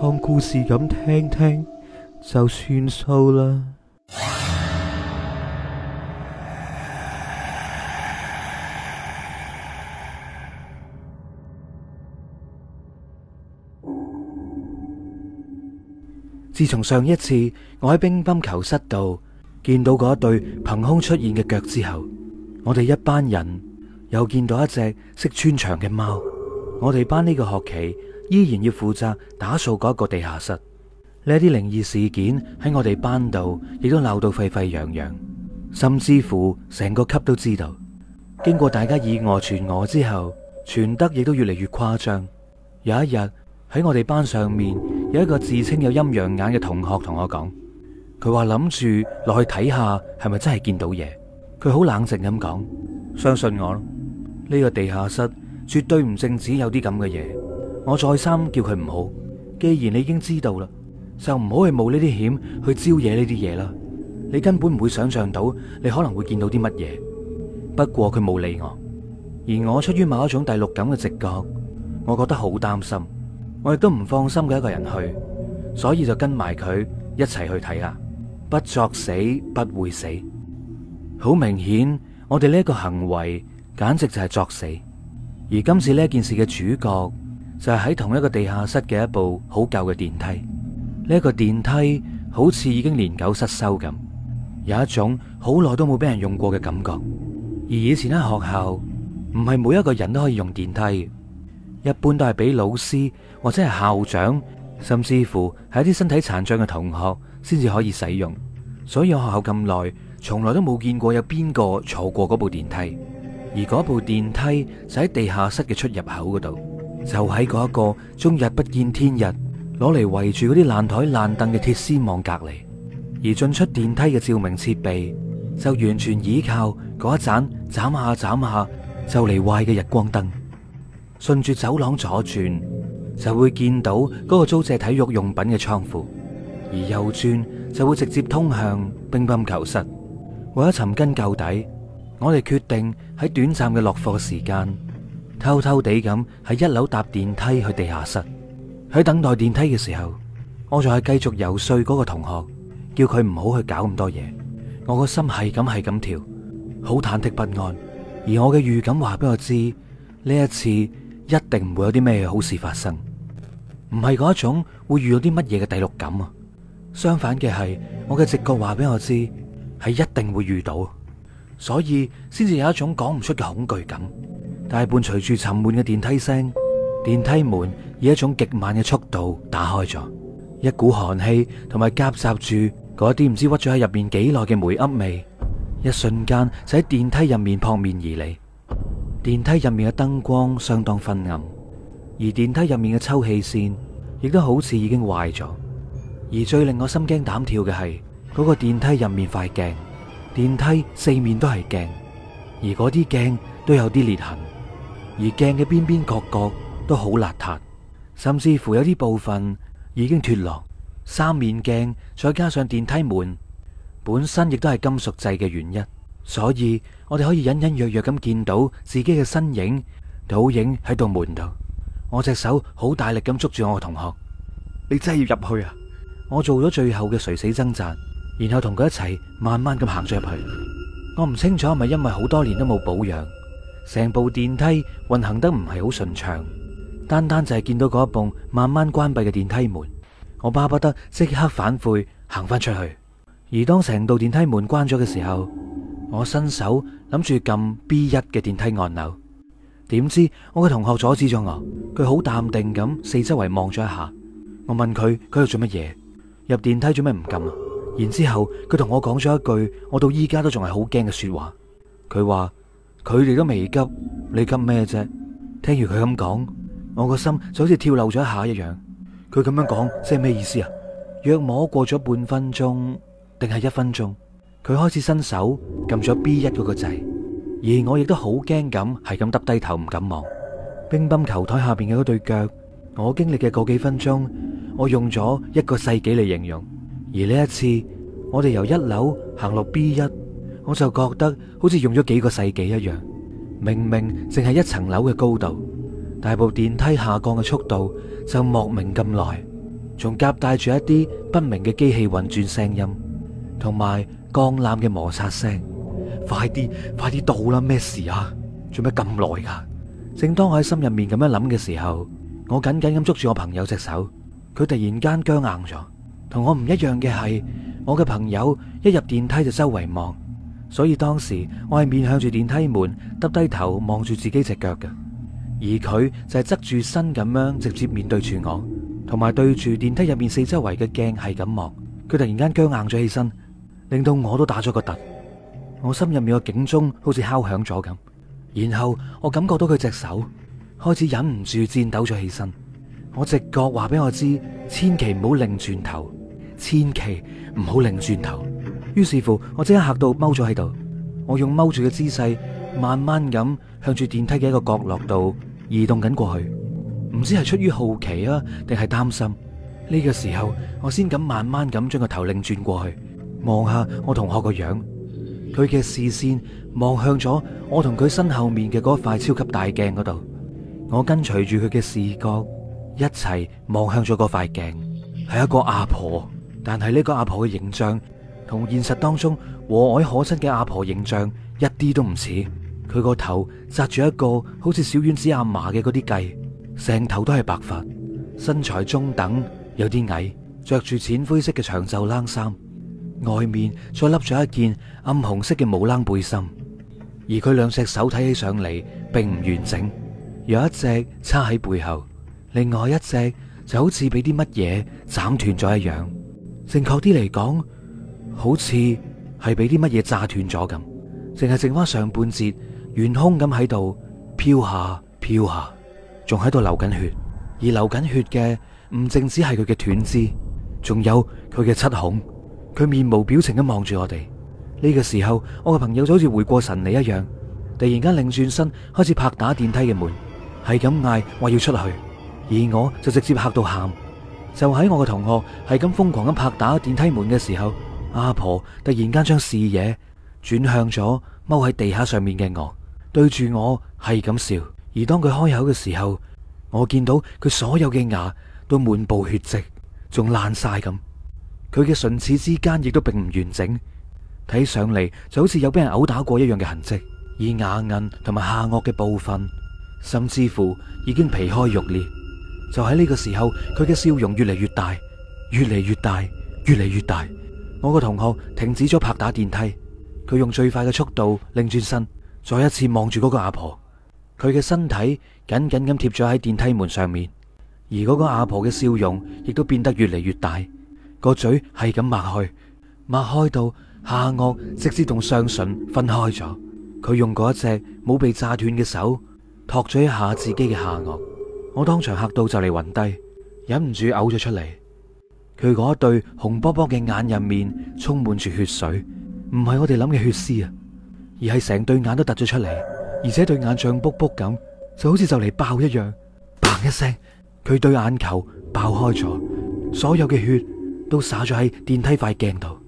當故事咁聽聽就算數啦。自從上一次我喺乒乓球室度見到嗰對憑空出現嘅腳之後，我哋一班人又見到一隻識穿牆嘅貓。我哋班呢個學期。依然要負責打掃嗰一個地下室，呢啲靈異事件喺我哋班度亦都鬧到沸沸揚揚，甚至乎成個級都知道。經過大家以訛傳訛之後，傳得亦都越嚟越誇張。有一日喺我哋班上面有一個自稱有陰陽眼嘅同學同我講，佢話諗住落去睇下係咪真係見到嘢。佢好冷靜咁講，相信我咯，呢個地下室絕對唔淨止有啲咁嘅嘢。我再三叫佢唔好，既然你已經知道啦，就唔好去冒呢啲險，去招惹呢啲嘢啦。你根本唔會想象到，你可能會見到啲乜嘢。不過佢冇理我，而我出於某一種第六感嘅直覺，我覺得好擔心，我亦都唔放心佢一個人去，所以就跟埋佢一齊去睇下。不作死不會死，好明顯，我哋呢個行為簡直就係作死。而今次呢件事嘅主角，就係喺同一個地下室嘅一部好舊嘅電梯，呢個電梯好似已經年久失修咁，有一種好耐都冇俾人用過嘅感覺。而以前喺學校，唔係每一個人都可以用電梯，一般都係俾老師或者係校長，甚至乎係一啲身體殘障嘅同學先至可以使用。所以學校咁耐，從來都冇見過有邊個坐過嗰部電梯，而嗰部電梯就喺地下室嘅出入口嗰度。就喺嗰一個終日不見天日，攞嚟圍住嗰啲爛台爛凳嘅鐵絲網隔離，而進出電梯嘅照明設備就完全依靠嗰一盞眨下眨下眨下就嚟壞嘅日光燈。順住走廊左轉就會見到嗰個租借體育用品嘅倉庫，而右轉就會直接通向乒乓球室。為咗尋根究底，我哋決定喺短暫嘅落課時間。偷偷地咁喺一樓搭電梯去地下室，喺等待電梯嘅時候，我仲係繼續遊說嗰個同學，叫佢唔好去搞咁多嘢。我個心係咁係咁跳，好忐忑不安，而我嘅預感話俾我知，呢一次一定唔會有啲咩好事發生。唔係嗰一種會遇到啲乜嘢嘅第六感啊，相反嘅係我嘅直覺話俾我知，係一定會遇到，所以先至有一種講唔出嘅恐懼感。但係伴隨住沉悶嘅電梯聲，電梯門以一種極慢嘅速度打開咗，一股寒氣同埋夾雜住嗰啲唔知屈咗喺入面幾耐嘅霉噏味，一瞬間就喺電梯入面撲面而嚟。電梯入面嘅燈光相當昏暗，而電梯入面嘅抽氣扇亦都好似已經壞咗。而最令我心驚膽跳嘅係嗰個電梯入面塊鏡，電梯四面都係鏡，而嗰啲鏡都有啲裂痕。而鏡嘅邊邊角角都好邋遢，甚至乎有啲部分已經脫落。三面鏡再加上電梯門本身亦都係金屬製嘅原因，所以我哋可以隱隱約約咁見到自己嘅身影倒影喺度門度。我隻手好大力咁捉住我嘅同學，你真係要入去啊？我做咗最後嘅垂死掙扎，然後同佢一齊慢慢咁行咗入去。我唔清楚係咪因為好多年都冇保養。成部電梯運行得唔係好順暢，單單就係見到嗰一部慢慢關閉嘅電梯門，我巴不得即刻反悔行返出去。而當成部電梯門關咗嘅時候，我伸手諗住撳 B 一嘅電梯按鈕，點知我嘅同學阻止咗我，佢好淡定咁四周圍望咗一下。我問佢，佢喺度做乜嘢？入電梯做咩唔撳啊？然之後佢同我講咗一句，我到依家都仲係好驚嘅說話。佢話。佢哋都未急，你急咩啫？聽住佢咁講，我個心就好似跳漏咗一下一樣。佢咁樣講，即係咩意思啊？約摸過咗半分鐘，定係一分鐘？佢開始伸手撳咗 B 一嗰個掣，而我亦都好驚咁，係咁耷低頭唔敢望乒乓球台下邊嘅嗰對腳。我經歷嘅嗰幾分鐘，我用咗一個世紀嚟形容。而呢一次，我哋由一樓行落 B 一。我就覺得好似用咗幾個世紀一樣，明明淨係一層樓嘅高度，但係部電梯下降嘅速度就莫名咁耐，仲夾帶住一啲不明嘅機器運轉聲音，同埋鋼纜嘅摩擦聲。 快啲，快啲到啦！咩事啊？做咩咁耐噶？正當我喺心入面咁樣諗嘅時候，我緊緊咁捉住我朋友隻手，佢突然間僵硬咗。同我唔一樣嘅係，我嘅朋友一入電梯就周圍望。所以當時我係面向住電梯門，耷低頭望住自己隻腳嘅，而佢就係側住身咁樣直接面對住我，同埋對住電梯入面四周圍嘅鏡係咁望。佢突然間僵硬咗起身，令到我都打咗個突，我心入面個警鐘好似敲響咗咁。然後我感覺到佢隻手開始忍唔住顫抖咗起身，我直覺話俾我知，千祈唔好擰轉頭，千祈唔好擰轉頭。於是乎，我即刻吓到踎咗喺度。我用踎住嘅姿勢，慢慢咁向住電梯嘅一個角落度移動緊過去。唔知係出於好奇啊，定係擔心？呢個時候，我先敢慢慢咁將個頭擰轉過去，望下我同學個樣。佢嘅視線望向咗我同佢身後面嘅嗰塊超級大鏡嗰度。我跟隨住佢嘅視覺，一齊望向咗嗰塊鏡。係一個阿婆，但係呢個阿婆嘅形象，同現實當中和藹可親嘅阿婆形象一啲都唔似，佢個頭紮住一個好似小丸子阿嫲嘅嗰啲髻，成頭都係白髮，身材中等，有啲矮，着住淺灰色嘅長袖冷衫，外面再笠咗一件暗紅色嘅毛冷背心，而佢兩隻手睇起上嚟並唔完整，有一隻叉喺背後，另外一隻就好似俾啲乜嘢斬斷咗一樣，正確啲嚟講。好似係俾啲乜嘢炸斷咗咁，淨係剩翻上半截懸空咁喺度飄下飄下，仲喺度流緊血。而流緊血嘅唔淨止係佢嘅斷肢，仲有佢嘅七孔。佢面無表情咁望住我哋。呢個時候，我嘅朋友就好似回過神嚟，一樣，突然間擰轉身開始拍打電梯嘅門，係咁嗌，我要出去。而我就直接嚇到喊。就喺我嘅同學係咁瘋狂咁拍打電梯門嘅時候，阿婆突然間將視野轉向咗，踎喺地下上，上面嘅我，對住我係咁笑。而當佢開口嘅時候，我見到佢所有嘅牙都滿布血跡，仲爛晒咁。佢嘅唇齒之間亦都並唔完整，睇上嚟就好似有俾人毆打過一樣嘅痕跡。而牙齦同埋下顎嘅部分，甚至乎已經皮開肉裂。就喺呢個時候，佢嘅笑容越嚟越大，越嚟越大，越嚟越大。越我個同學停止咗拍打電梯，佢用最快嘅速度擰轉身，再一次望住嗰個阿婆，婆。佢嘅身體緊緊咁貼咗喺電梯門上面，而嗰個阿婆嘅笑容亦都變得越嚟越大，個嘴係咁擘開，擘開到下顎直接同上唇分開咗。佢用嗰一隻冇被炸斷嘅手托咗一下自己嘅下顎。我當場嚇到就嚟暈低，忍唔住嘔咗出嚟。佢嗰對紅卜卜嘅眼入面充滿住血水，唔係我哋諗嘅血絲啊，而係成對眼都突咗出嚟，而且對眼脹卜卜咁，就好似就嚟爆一樣，砰一聲，佢對眼球爆開咗，所有嘅血都灑咗喺電梯塊鏡度，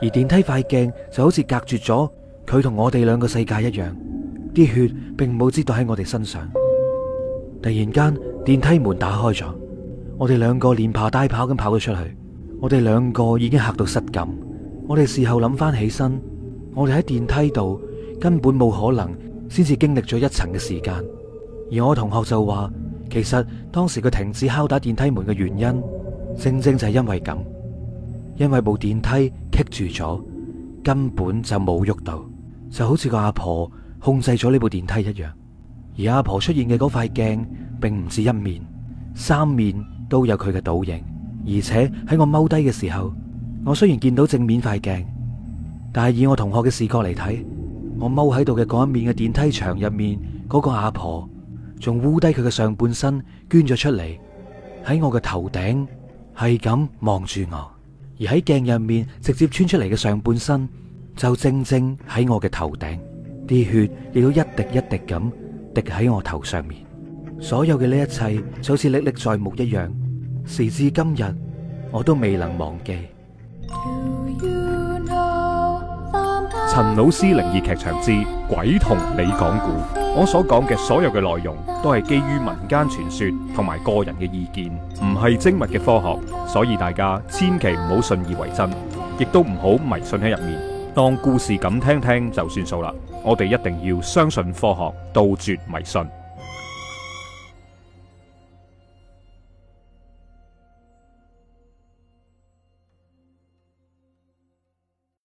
而電梯塊鏡就好似隔絕咗佢同我哋兩個世界一樣，啲血並冇濺到喺我哋身上。突然間，電梯門打開咗。我哋兩個連爬帶跑咁跑咗出去，我哋兩個已經嚇到失感。我哋事後諗翻起身，我哋喺電梯度根本冇可能，先至經歷咗一層嘅時間。而我同學就話，其實當時佢停止敲打電梯門嘅原因，正正就係因為咁，因為部電梯棘住咗，根本就冇喐到，就好似個阿婆控制咗呢部電梯一樣。而阿婆出現嘅嗰塊鏡，並唔止一面，三面。都有佢嘅倒影，而且喺我踎低嘅時候，我雖然見到正面塊鏡，但係以我同學嘅視覺嚟睇，我踎喺度嘅嗰一面嘅電梯牆入面，嗰個阿婆仲烏低佢嘅上半身，捐咗出嚟喺我嘅頭頂，係咁望住我，而喺鏡入面直接穿出嚟嘅上半身，就正正喺我嘅頭頂，啲血亦都一滴一滴咁滴喺我頭上面。所有嘅呢一切就好似歷歷在目一樣，時至今日我都未能忘記。陳老師靈異劇場之鬼同你講故，我所講嘅所有嘅內容都係基於民間傳說同埋個人嘅意見，唔係精密嘅科學，所以大家千祈唔好信以為真，亦都唔好迷信喺入面，當故事咁聽聽就算數啦。我哋一定要相信科學，杜絕迷信。